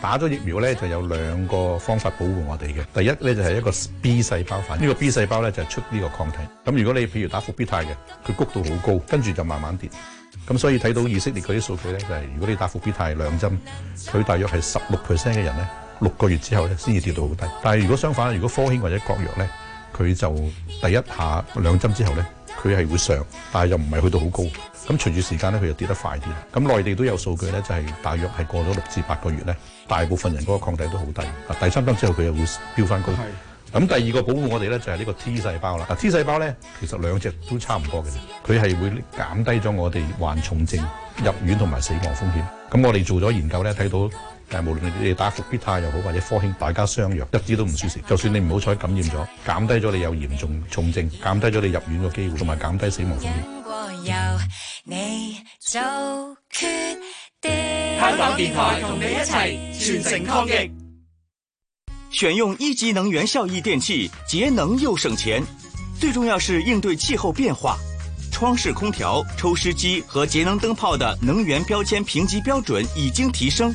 打咗疫苗咧就有兩個方法保護我哋嘅，第一咧就係一個 B 細胞反應，呢個 B 細胞咧就出呢個抗體。咁如果你譬如打復必泰嘅，佢谷度好高，跟住就慢慢跌。咁所以睇到以色列佢啲數據咧，就係如果你打復必泰兩針，佢大約係十六 percent 嘅人咧，六個月之後咧先至跌到好低。但係如果相反，如果科興或者國藥咧，佢就第一下兩針之後咧。佢係會上，但係又唔係去到好高。咁隨住時間咧，佢又跌得快啲。咁內地都有數據咧，就係大約係過咗六至八個月咧，大部分人嗰個抗體都好低。啊，第三針之後佢又會飆翻高。係。咁第二個保護我哋咧，就係呢個 T 細胞啦。啊，T 細胞咧，其實兩隻都差唔多嘅。佢係會減低咗我哋患重症、入院同埋死亡風險。咁我哋做咗研究咧，睇到。但無論你哋打復必泰又好，或者科興，大家相若一啲都唔舒適。就算你唔好彩感染咗，減低咗你有嚴重重症，減低咗你入院嘅機會，同埋減低死亡風險。香港電台同你一齊全城抗疫。選用一級能源效益電器，節能又省錢，最重要是應對氣候變化。窗式空調、抽濕機和節能燈泡的能源標籤評級標準已經提升。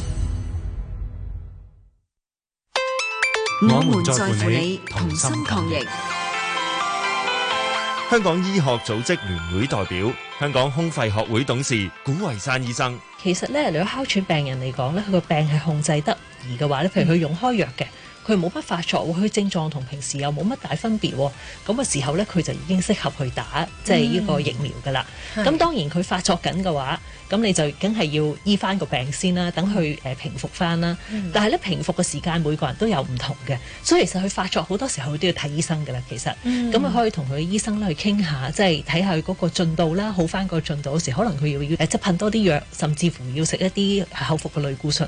我們在乎你，同心抗疫。香港醫學組織聯會代表、香港胸肺學會董事古惠山醫生，其實咧，如果哮喘病人嚟講咧，佢個病係控制得嘅話咧，譬如佢用開藥嘅，佢冇乜發作，佢症狀同平時又冇乜大分別，咁嘅時候咧，佢就已經適合去打即係呢個疫苗噶啦。咁、嗯、當然佢發作緊嘅話，咁你就梗係要醫翻個病先啦，等佢誒平復翻啦。嗯、但係咧平復嘅時間每個人都有唔同嘅，所以其實佢發作好多時候都要睇醫生噶啦。其實咁啊，嗯、可以同佢醫生咧去傾下，即係睇下佢嗰個進度啦，好翻個進度時候，可能佢要要誒即係噴多啲藥，甚至乎要食一啲口服嘅類固醇。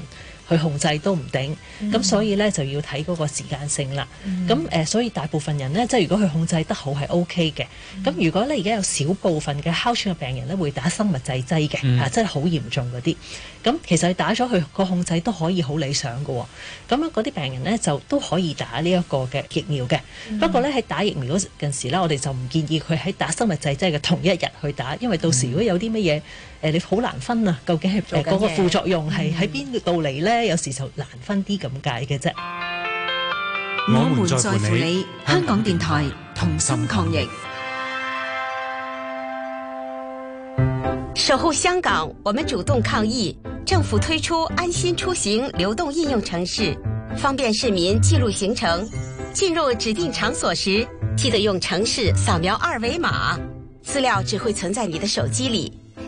去控制都唔定，咁、嗯、所以呢，就要睇嗰個時間性啦。咁誒、嗯呃，所以大部分人呢，即係如果佢控制得好係 OK 嘅。咁、嗯、如果呢而家有少部分嘅哮喘嘅病人呢，會打生物製劑嘅，嚇、嗯，真係好嚴重嗰啲。咁其實打咗佢個控制都可以好理想嘅、哦。咁樣嗰啲病人呢，就都可以打呢一個嘅疫苗嘅。嗯、不過呢，喺打疫苗嗰陣時呢，我哋就唔建議佢喺打生物製劑嘅同一日去打，因為到時如果有啲乜嘢。誒你好難分啊，究竟係誒嗰個副作用係喺邊度嚟呢？嗯、有時就難分啲咁解嘅啫。我們在乎你，香港電台同心抗疫，守護香港，我們主動抗疫。政府推出安心出行流動應用程式，方便市民記錄行程。進入指定場所時，記得用程式掃描二維碼，資料只會存在你的手機裏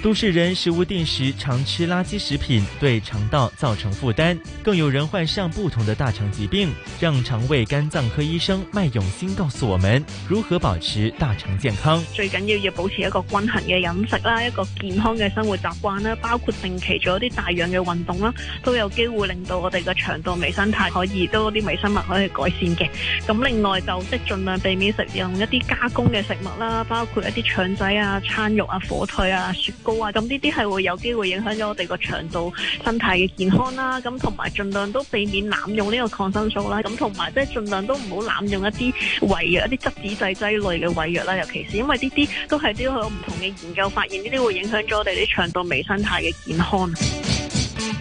都市人食物定時，常吃垃圾食品，對腸道造成負擔，更有人患上不同的大腸疾病。讓腸胃肝臟科醫生麥勇星告訴我們如何保持大腸健康。最緊要要保持一個均衡嘅飲食啦，一個健康嘅生活習慣啦，包括定期做一啲大量嘅運動啦，都有機會令到我哋嘅腸道微生態可以都啲微生物可以改善嘅。咁另外就即盡量避免食用一啲加工嘅食物啦，包括一啲腸仔啊、餐肉啊、火腿啊、雪。咁呢啲係會有機會影響咗我哋個腸道生態嘅健康啦。咁同埋盡量都避免濫用呢個抗生素啦。咁同埋即係盡量都唔好濫用一啲胃藥、一啲質子制劑類嘅胃藥啦。尤其是因為呢啲都係都有唔同嘅研究發現，呢啲會影響咗我哋啲腸道微生態嘅健康。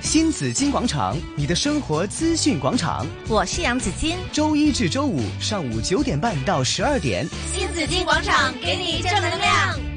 新紫荊廣場，你的生活資訊廣場。我係楊子矜，周一至周五上午九點半到十二點。新紫荊廣場，給你正能量。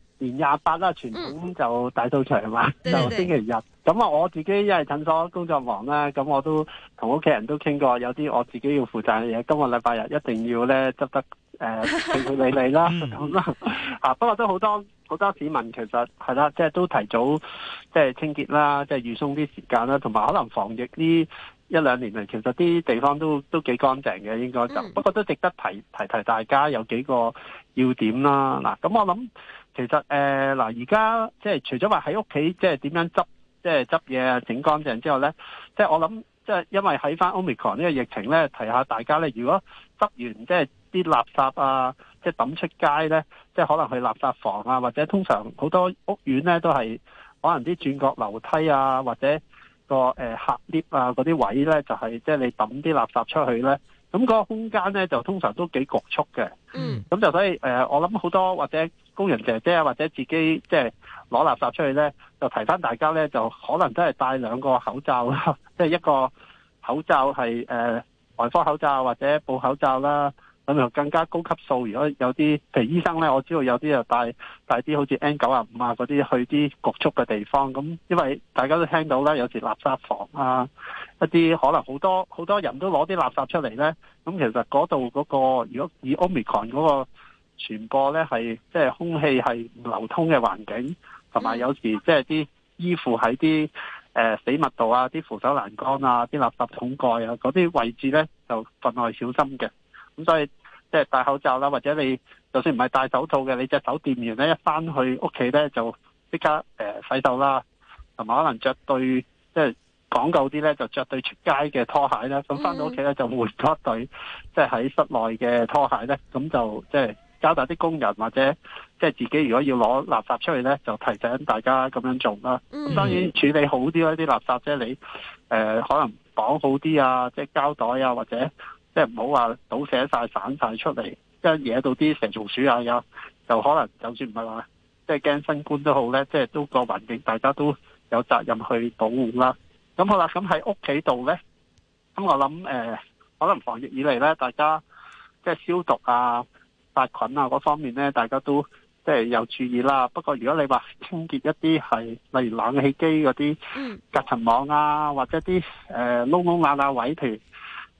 年廿八啦，傳統就大掃除嘛，就星期日。咁啊，我自己因為診所工作忙啦，咁我都同屋企人都傾過，有啲我自己要負責嘅嘢，今日禮拜日一定要咧執得誒條、呃、理理啦。咁啦、 嗯，啊不過都好多好多市民其實係啦，即係都提早即係清潔啦，即係預鬆啲時間啦，同埋可能防疫呢一兩年嚟，其實啲地方都都幾乾淨嘅，應該就、嗯、不過都值得提提提大家有幾個要點啦。嗱、啊，咁我諗。嗯其實誒嗱，而家即係除咗話喺屋企即係點樣執，即係執嘢整乾淨之後呢，即係我諗即係因為喺翻 Omicron 呢個疫情呢，提下大家呢，如果執完即係啲垃圾啊，即係抌出街呢，即係可能去垃圾房啊，或者通常好多屋苑呢，都係可能啲轉角樓梯啊，或者個客 lift 啊嗰啲位呢，就係、係、即係你抌啲垃圾出去呢。咁嗰個空間咧，就通常都幾局促嘅。咁、嗯、就所以，誒、呃，我諗好多或者工人姐姐啊，或者自己即係攞垃圾出去咧，就提返大家咧，就可能都係戴兩個口罩啦，即 係一個口罩係誒外科口罩或者布口罩啦。咁就更加高級數。如果有啲，譬如醫生咧，我知道有啲就帶帶啲好似 N 九啊五啊嗰啲去啲局促嘅地方。咁因為大家都聽到啦，有時垃圾房啊，一啲可能好多好多人都攞啲垃圾出嚟咧。咁其實嗰度嗰個，如果以 Omicron 嗰個傳播咧，係即係空氣係唔流通嘅環境，同埋有，有時即係啲依附喺啲誒死物度啊、啲扶手欄杆啊、啲垃圾桶蓋啊嗰啲位置咧，就分外小心嘅。嗯、所以即係、就是、戴口罩啦，或者你就算唔係戴手套嘅，你隻手掂完咧一返去屋企咧就即刻誒、呃、洗手啦，同埋可能着對即係講究啲咧就着、是、對出街嘅拖鞋啦。咁返到屋企咧就換多對即係喺室內嘅拖鞋咧，咁就即係、就是、交代啲工人或者即係、就是、自己如果要攞垃圾出去咧，就提醒大家咁樣做啦。咁當、嗯、然處理好啲嗰啲垃圾即係、就是、你誒、呃、可能綁好啲啊，即係膠袋啊或者。即係唔好話倒瀉晒散晒出嚟，即、就、係、是、惹到啲蛇蟲鼠啊，有就可能就算唔係話，即係驚新冠都好咧，即係都個環境大家都有責任去保護啦。咁好啦，咁喺屋企度咧，咁我諗誒、呃，可能防疫以嚟咧，大家即係、就是、消毒啊、殺菌啊嗰方面咧，大家都即係、就是、有注意啦。不過如果你話清潔一啲係，例如冷氣機嗰啲隔塵網啊，或者啲誒窿窿眼啊位，譬如。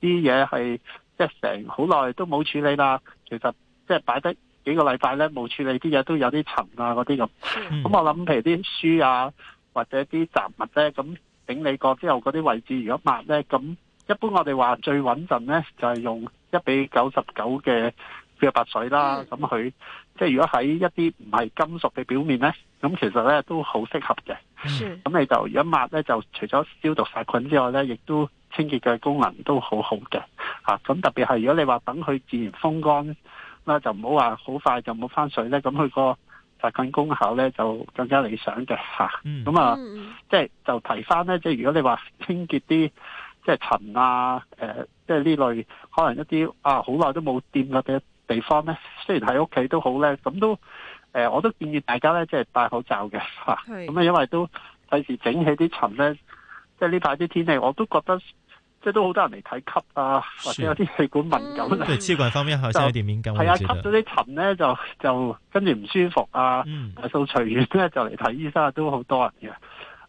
啲嘢係即係成好耐都冇處理啦，其實即係、就是、擺得幾個禮拜咧，冇處理啲嘢都有啲塵啊，嗰啲咁。咁的我諗譬如啲書啊或者啲雜物咧，咁整理過之後嗰啲位置如果抹咧，咁一般我哋話最穩陣咧就係、是、用一比九十九嘅漂白水啦。咁佢的即係如果喺一啲唔係金屬嘅表面咧，咁其實咧都好適合嘅。咁的你就如果抹咧，就除咗消毒殺菌之外咧，亦都。清潔嘅功能都好好嘅，吓、啊、咁特別係如果你話等佢自然風乾啦、啊，就唔好話好快就冇翻水咧，咁佢個殺菌功效咧就更加理想嘅吓。咁啊，即係、mm. 啊就是、就提翻咧，即、就、係、是、如果你話清潔啲即係塵啊，誒、呃，即係呢類可能一啲啊好耐都冇掂喇嘅地方咧，雖然喺屋企都好咧，咁都誒，我都建議大家咧即係戴口罩嘅吓。咁啊，是啊，因為都費事整起啲塵咧，即係呢排啲天氣我都覺得。即係都好多人嚟睇吸啊，或者有啲氣管敏感呢，都係超鬼方面后下先去避免啊，吸咗啲塵咧就就跟住唔舒服啊，大掃除完咧就嚟睇醫生啊，都好多人嘅。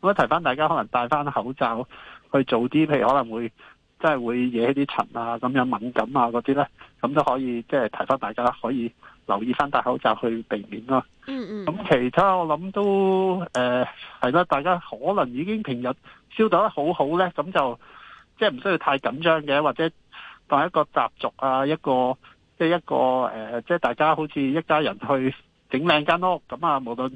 咁啊提翻大家可能戴翻口罩去做啲，譬如可能會真係會惹啲塵啊，咁樣敏感啊嗰啲咧，咁都可以即係提翻大家可以留意翻戴口罩去避免咯、啊。嗯嗯。咁其他我諗都誒係啦，大家可能已經平日消毒得好好咧，咁就。即係唔需要太緊張嘅，或者當一個習俗啊，一個即係一個誒，即係大家好似一家人去整靚間屋咁啊！無論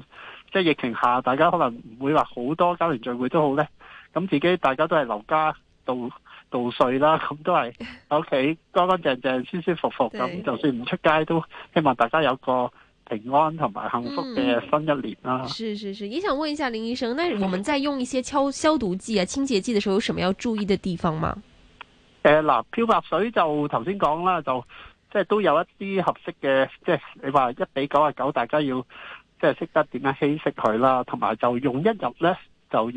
即係疫情下，大家可能唔會話好多家庭聚會都好咧。咁自己大家都係留家度度歲啦，咁都係屋企乾乾淨淨、舒舒服服咁，就算唔出街都希望大家有個。平安同埋幸福嘅新一年啦、啊嗯！是是是，也想問一下林醫生， 那我們在用一些消消毒劑啊、清潔劑的時候，有什麼要注意的地方嗎？嗱、呃，漂白水就頭先講啦，就即係都有一啲合適嘅，即係你話一比九啊九，大家要即係識得點樣稀釋佢啦，同埋就用一日呢，就要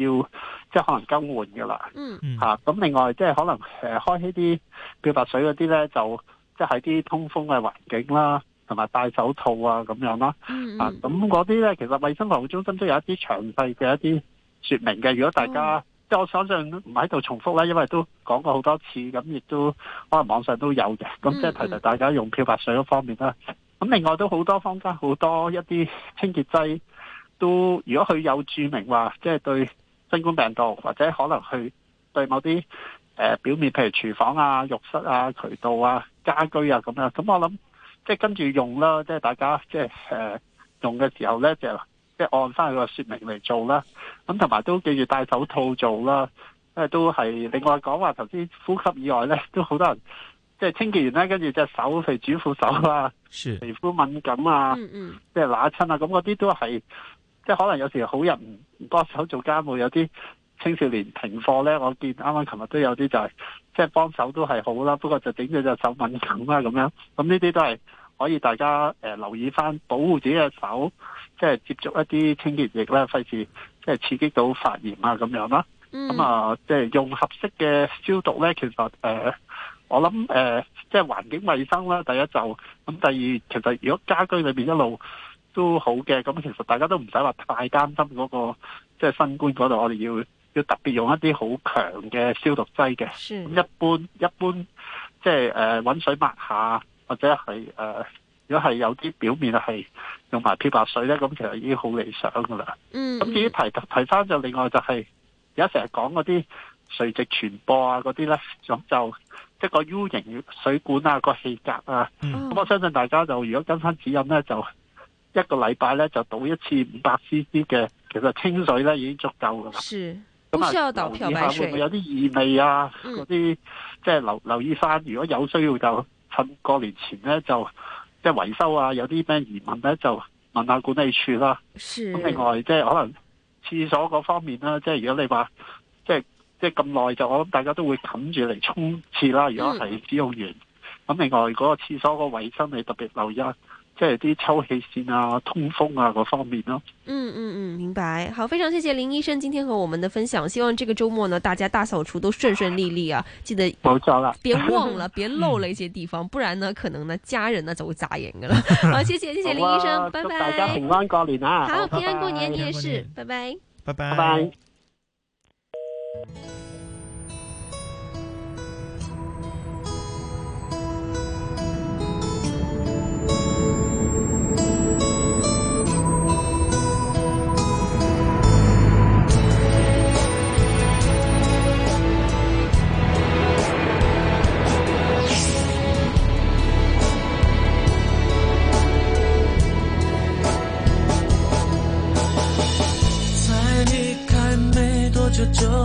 即係可能更換噶啦。嗯。吓、啊，咁另外即係可能誒、呃、開起啲漂白水嗰啲呢，就即係喺啲通風嘅環境啦。同埋戴手套啊，咁樣啦，啊，咁嗰啲呢，其實衛生防護中心都有一啲詳細嘅一啲說明嘅。如果大家、oh. 即係我相信唔喺度重複啦，因為都講過好多次，咁亦都可能網上都有嘅。咁即係提提大家用漂白水嗰方面啦。咁、mm hmm. 另外都好多方法好多一啲清潔劑都，如果佢有註明話，即、就、係、是、對新冠病毒或者可能佢對某啲、呃、表面，譬如廚房啊、浴室啊、渠道啊、家居啊咁樣，咁我諗。即係跟住用啦，即、就、係、是、大家即係誒用嘅時候咧，就即、是、係按翻佢個說明嚟做啦。咁同埋都記住戴手套做啦。都係另外講話，頭先呼吸以外咧，都好多人即係、就是、清潔完咧，跟住隻手譬如主婦手啊，皮膚是敏感啊，即係揦親啊，咁嗰啲都係即係可能有時好人多手做家務，有啲青少年停課咧，我見啱啱琴日都有啲就係、是。即係幫手都係好啦，不過就整咗隻手敏感啦，咁樣咁呢啲都係可以大家誒、呃、留意翻，保護自己嘅手，即係接觸一啲清潔液啦，費事即係刺激到發炎啊咁樣啦。咁、嗯、啊，即、就、係、是、用合適嘅消毒咧，其實誒、呃，我諗誒，即係環境衛生啦，第一就咁，第二其實如果家居裏邊一路都好嘅，咁其實大家都唔使話太擔心嗰個即係、就是、新冠嗰度，我哋要。要特別用一啲好強嘅消毒劑嘅的，一般、就是呃、一般即係誒揾水抹下，或者係誒、呃、如果係有啲表面係用埋漂白水呢，咁其實已經好理想噶啦。嗯，嗯，咁至於提提翻就另外就係而家成日講嗰啲垂直傳播啊嗰啲呢，咁就即個、就是、U 型水管啊個氣隔啊，咁、嗯、我相信大家就如果跟翻指引呢，就一個禮拜呢，就倒一次五百 CC 嘅，其實清水呢，已經足夠噶啦。咁啊，就留意下會唔會有啲異味啊？嗰啲即係留留意返。如果有需要，就趁過年前咧，就即係維修啊。有啲咩疑問咧，就問下管理處啦。咁是另外，即係可能廁所嗰方面啦，即、就、係、是、如果你話即係即係咁耐就是，我諗大家都會冚住嚟沖廁啦。如果係使用完，咁、嗯、另外嗰個廁所個衞生你特別留意啊。即係啲抽氣線啊、通風啊嗰方面咯、啊。嗯嗯嗯，明白。好，非常謝謝林醫生今天和我們的分享。希望這個周末呢，大家大掃除都順順利利啊！啊記得冇錯啦，別忘了，別漏了， 了一些地方，不然呢，可能呢，家人呢就會眨眼噶啦。 好，謝謝謝謝林醫生，啊、拜拜。祝大家平安過年啊！好，拜拜。好，平安過年，你也是，拜拜，拜拜。拜拜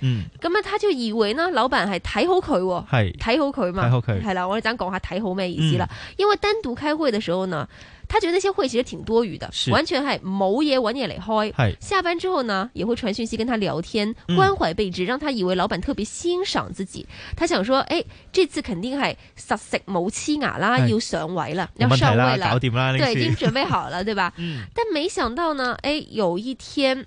嗯，咁啊，他就以為呢，老闆係睇好佢，係睇好佢嘛，係啦，我哋想講下睇好咩意思啦。因為單獨開會的時候呢，他覺得那些會其實挺多餘的，完全係冇嘢搵嘢嚟開。係下班之後呢，也會傳訊息跟他聊天，關懷備至，讓他以為老闆特別欣賞自己。他想說，誒，這次肯定係實食冇黐牙啦，要上位啦，有問題啦，搞掂啦，就已經準備好了，對吧？嗯。但沒想到呢，誒，有一天。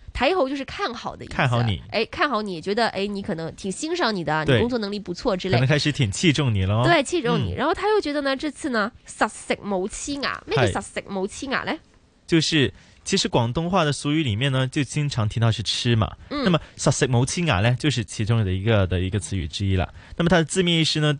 睇好就是看好的意思，看好你，哎，看好你覺得，哎，你可能挺欣賞你的，對你工作能力不錯之類的，可能開始挺器重你了、哦、對，器重你，嗯、然後他又覺得呢，這次呢，實食冇黐牙，咩叫實食冇黐牙呢？啊、就是其實廣東話的俗語裏面呢，就經常聽到是吃嘛，嗯、那麼實食冇黐牙呢，就是其中的一個的一個詞語之一了。那麼它的字面意思呢？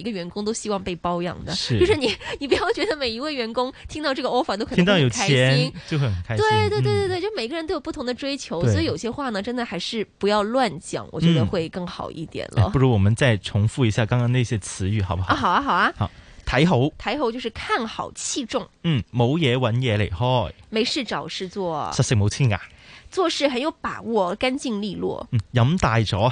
每一個員工都希望被包養的。是就是你，你不要覺得每一位員工聽到這個 offer 都可能很開心聽到有錢，就很開心。對對對對、嗯、就每個人都有不同的追求，對所以有些話呢，真的還是不要亂講，我覺得會更好一點了、嗯哎。不如我們再重複一下剛剛那些詞語，好不好？啊，好啊，好啊。好，睇好，睇好就是看好，器重。嗯，冇嘢搵嘢離開，沒事找事做，食食冇黐牙，做事很有把握，乾淨利落。嗯，飲大咗。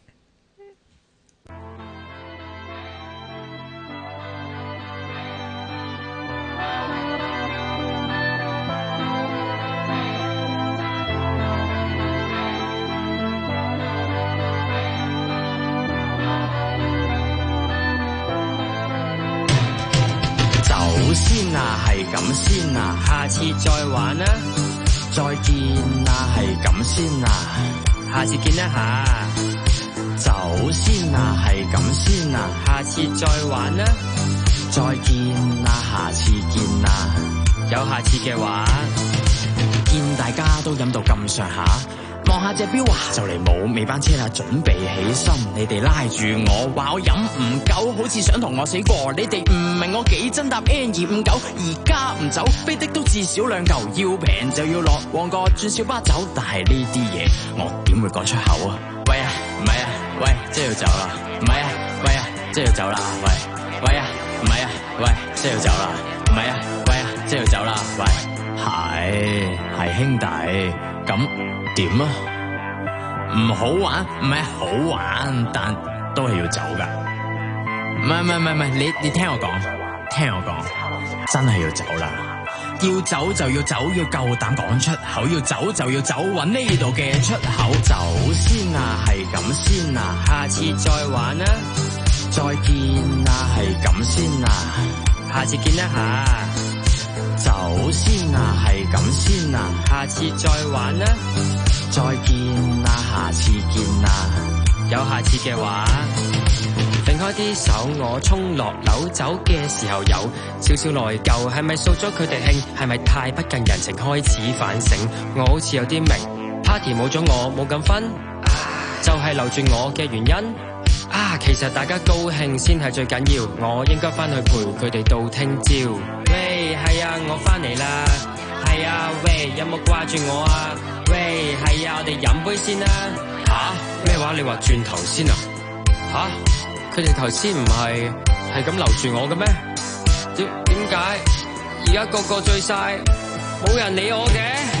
咁先啊，下次再玩啦，再見啦，係咁先啊，下次見啦下，走先啊，係咁先啊，下次再玩啦，再見啦，下次見啦，有下次嘅話，見大家都飲到咁上下。望下隻錶啊，就嚟冇尾班車啦，準備起身。你哋拉住我，話我飲唔夠，好似想同我死過。你哋唔明我幾真搭 N 二五九，而家唔走，飛的都至少兩嚿，要平就要落旺角轉小巴走。但係呢啲嘢，我點會講出口啊，啊，啊？喂啊，唔係啊，喂，即係要走啦。唔係啊，喂啊，即係要走啦。喂，喂啊，唔係啊，喂，即係要走啦。唔係啊，喂啊，即係要走啦。喂，係係兄弟，咁。點啊？唔好玩，唔係好玩，但都係要走噶。唔係唔係唔係，你你聽我講，聽我講，真係要走啦。要走就要走，要夠膽講出口。要走就要走，搵呢度嘅出口走先啊，係咁先啊，下次再玩啦，啊，再見啊，係咁先啊，下次見啦吓。好先啊，係咁先啊，先啊，下次再玩啦，啊，再見啊，下次見啊，有下次嘅話，定開啲手，我衝落樓走嘅時候有少少內疚，係咪掃咗佢哋興？係咪太不近人情？開始反省，我好似有啲明，party 冇咗我冇咁分，啊、就係、是、留住我嘅原因啊！其實大家高興先係最緊要，我應該翻去陪佢哋到聽朝。係啊，我翻嚟啦。係啊，喂，有冇掛住我啊？喂，係啊，我哋飲杯先啦。吓、啊？咩話？你話轉頭先啊？吓、啊？佢哋頭先唔係係咁留住我嘅咩？點點解？而家個個醉晒，冇人理我嘅？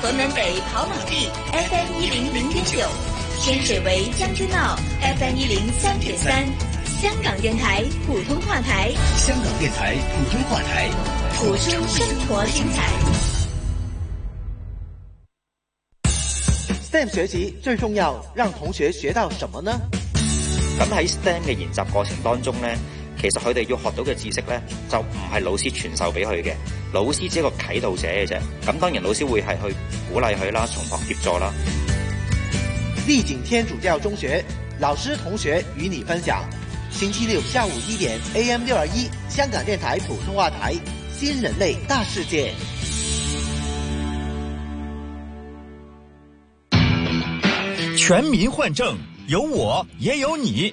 河南北跑馬地 FM 一零零點九，天水圍將軍澳 FM 一零三點三，3，香港電台普通話台，香港電台普通話台，捕捉生活精彩。STEM 學習最重要，讓同學學到什麼呢？咁喺 STEM 嘅研習過程當中呢其實佢哋要學到嘅知識呢，就唔係老師傳授俾佢嘅，老師只係個啟導者嘅啫。咁當然老師會係去鼓勵佢啦，從旁協助啦！麗景天主教中學老師同學與你分享，星期六下午一點 AM 六二一香港電台普通話台《新人類大世界》，全民換證有我也有你。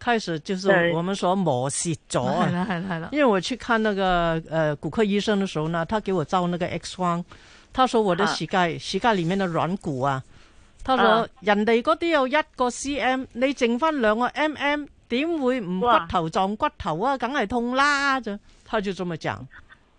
開始就是我們所磨蝕咗，對因為我去看那個誒、呃、骨科醫生的時候呢，他給我照那個 X 光，他說我的膝蓋膝蓋裏面嘅軟骨啊，他說、啊、人哋嗰啲有一個 CM，你剩翻兩個 MM，點會唔骨頭撞骨頭啊？梗係哇痛啦，就他就咁樣講。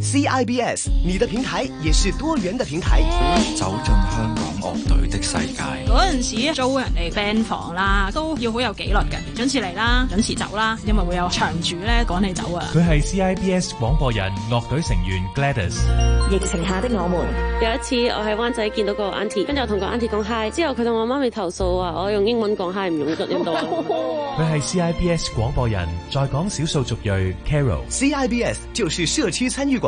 CIBS 你的平台也是多元的平台。Yeah. 走進香港樂隊的世界。嗰陣時租人哋 band 房啦，都要好有紀律嘅，準時嚟啦，準時走啦，因為會有場主咧趕你走啊。佢係 CIBS 廣播人，樂隊成員 Gladys。疫情下的我們，有一次我喺灣仔見到個 Auntie，跟住我同個 Auntie 講嗨。之後佢同我媽咪投訴啊，我用英文講嗨，唔用咁多。佢係 CIBS 廣播人，在港少數族裔 Carol。CIBS 就是社區參與館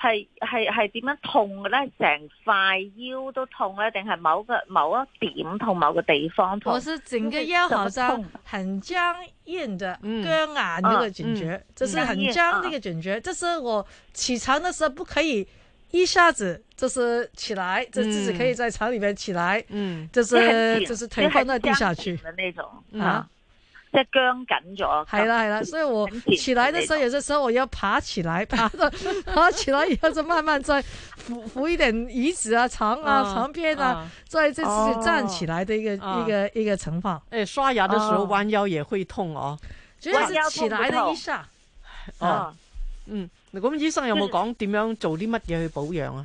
係係係點樣痛嘅咧？成塊腰都痛咧，定係某個某一點同某個地方痛？我是整個腰好像很僵硬的僵硬那個感覺，嗯嗯嗯、就是很僵那個感覺。嗯嗯、就是我起床的時候不可以一下子，就是起來，就自己可以在床裏面起來。嗯，就是嗯就是腿放在地下去的那種、嗯、啊。即係僵緊咗，係啦係啦，所以我起來嘅時候，有啲時候我要爬起來，爬到爬起來，以後就慢慢再扶 扶一點椅子啊、床啊、床、啊、邊啊，再、啊、這站起來的一個、啊、一個一個情況。誒、哎，刷牙嘅時候、啊、彎腰也會痛哦、啊。就是啊、彎腰痛，痛。起來的醫生，啊、嗯，咁醫生有冇講點樣做啲乜嘢去保養啊？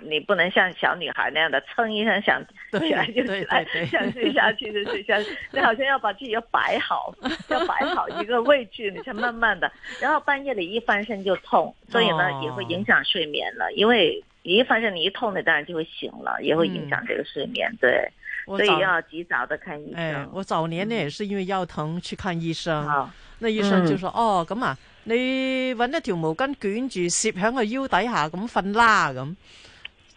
你不能像小女孩那樣的蹭一下，想起來就起來，想睡下去就睡下去。你好像要把自己要擺好， 要擺好一個位置，你才慢慢的。然後半夜裏一翻身就痛，所以呢、哦、也會影響睡眠了。因為一翻身你一痛，你當然就會醒了，也會影響這個睡眠。嗯、對，所以要及早的看醫生。我早，哎、我早年呢也是因為腰疼去看醫生，嗯、那醫生就說：“嗯、哦，咁啊，你揾一條毛巾捲住，攝響個腰底下咁瞓啦咁。”